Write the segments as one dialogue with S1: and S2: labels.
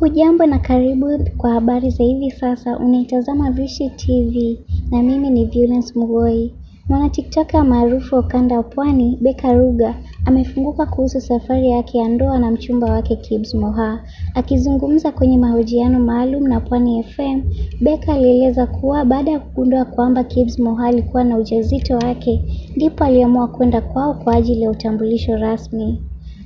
S1: Hujambo na karibu kwa habari za hivi sasa, unaitazama Veushly TV na mimi ni Violence Mugoi. Mwana tiktoka maarufu wa ukanda wa pwani Beka Ruga amefunguka kuhusu safari yake ya ndoa na mchumba wake Kibz Moha. Akizungumza kwenye mahojiano maalum na Pwani FM, Beka alieleza kuwa baada ya kugundua kwamba Kibz Moha alikuwa na ujauzito wake, ndipo aliamua kwenda kwao kwa ajili ya utambulisho rasmi.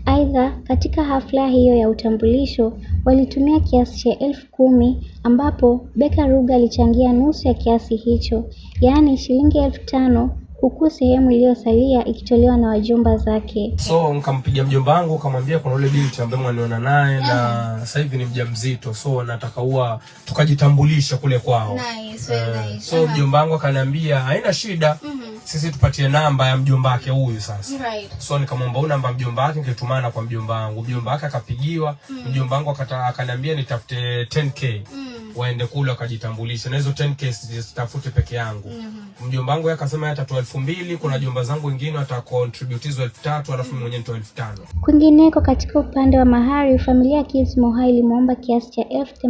S1: Aidha, katika hafla hiyo ya utambulisho walitumia kiasi cha elfu kumi ambapo Beka Ruga alichangia nusu ya kiasi hicho, yaani shilingi elfu tano huku sehemu iliyosalia ikitolewa na wajomba zake.
S2: So nikampigia mjomba wangu kamwambia kuna ule binti ambaye mwaniona naye na sasa hivi ni mjamzito, so nataka huwa tukajitambulisha kule kwao.
S3: Nice, uh, nice.
S2: So mjomba wangu akaniambia haina shida. Mm sisi tupatie namba ya mjomba wake huyu sasa. Right. So nikamwomba huyu namba mjomba wake nilitumana kwa mjomba wangu. Mjomba wake akapigiwa, mm. mjomba wangu akaniambia nitafute 10k. Mm. Waende kule wakajitambulisha. Na hizo 10k sitafute peke yangu. Mm -hmm. Mjomba wangu yeye akasema atatoa 2000, kuna mm. jomba zangu wengine watacontribute hizo 3000 mwenye mm. mwenyewe nitoa 5000.
S1: Kwingineko katika upande wa mahari familia ya Kids Moha ilimwomba kiasi cha elfu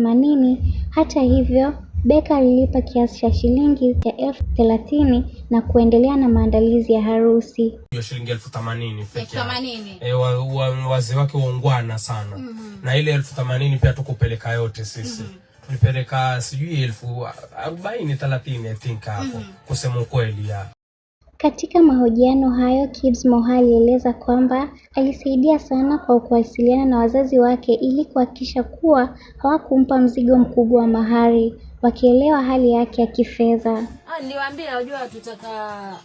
S1: Hata hivyo Beka alilipa kiasi cha shilingi ya elfu thelathini na kuendelea na maandalizi ya harusi
S2: ya shilingi elfu themanini pekee eh, wa, Wazee wake waungwana sana mm -hmm. na ile elfu themanini pia tukupeleka yote sisi mm -hmm tulipeleka sijui elfu arobaini thelathini I think hapo mm -hmm. kusema ukweli ya
S1: katika mahojiano hayo Kibs Moha alieleza kwamba alisaidia sana kwa kuwasiliana na wazazi wake ili kuhakikisha kuwa hawakumpa mzigo mkubwa wa mahari wakielewa hali yake ya kifedha.
S4: Ah, Niliwaambia wajua, tutaka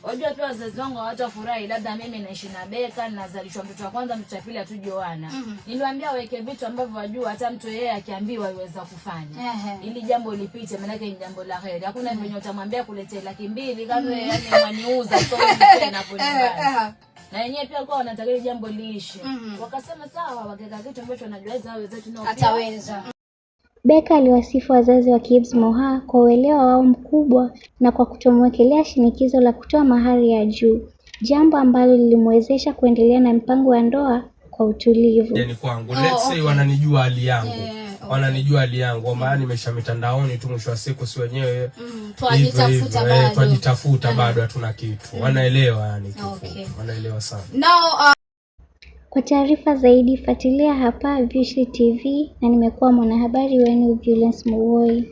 S4: wajua, pia wazazi wangu hawatafurahi, labda mimi naishi na Beka, nazalishwa mtoto wa kwanza, mtoto wa pili hatujoana. Mhm. Niliwaambia waweke vitu ambavyo wajua hata mtu yeye akiambiwa iweza kufanya ili jambo lipite, maanake ni jambo la heri. Hakuna mhm. venye utamwambia kuletea laki mbili mhm. kama yani mwaniuza na na yenyewe pia kwa wanataka jambo liishi. Wakasema sawa, wakeka kitu ambacho wanajua hao wenzetu nao
S3: ataweza
S1: Beka aliwasifu wazazi wa Kibs moha kwa uelewa wao mkubwa na kwa kutomwekelea shinikizo la kutoa mahari ya juu jambo ambalo lilimwezesha kuendelea na mpango wa ndoa kwa utulivu.
S2: Yaani kwangu, oh, let's oh, say okay. Wananijua hali yangu yeah, yeah. Wananijua hali yangu kwa maana nimesha mitandaoni tu, mwisho wa siku si wenyewe
S3: mm, eh,
S2: twajitafuta bado hatuna kitu mm. Wanaelewa yani okay. Wanaelewa sana Now, uh...
S1: Kwa taarifa zaidi fuatilia hapa Veushly TV na nimekuwa mwanahabari wenu Julius Muwoi.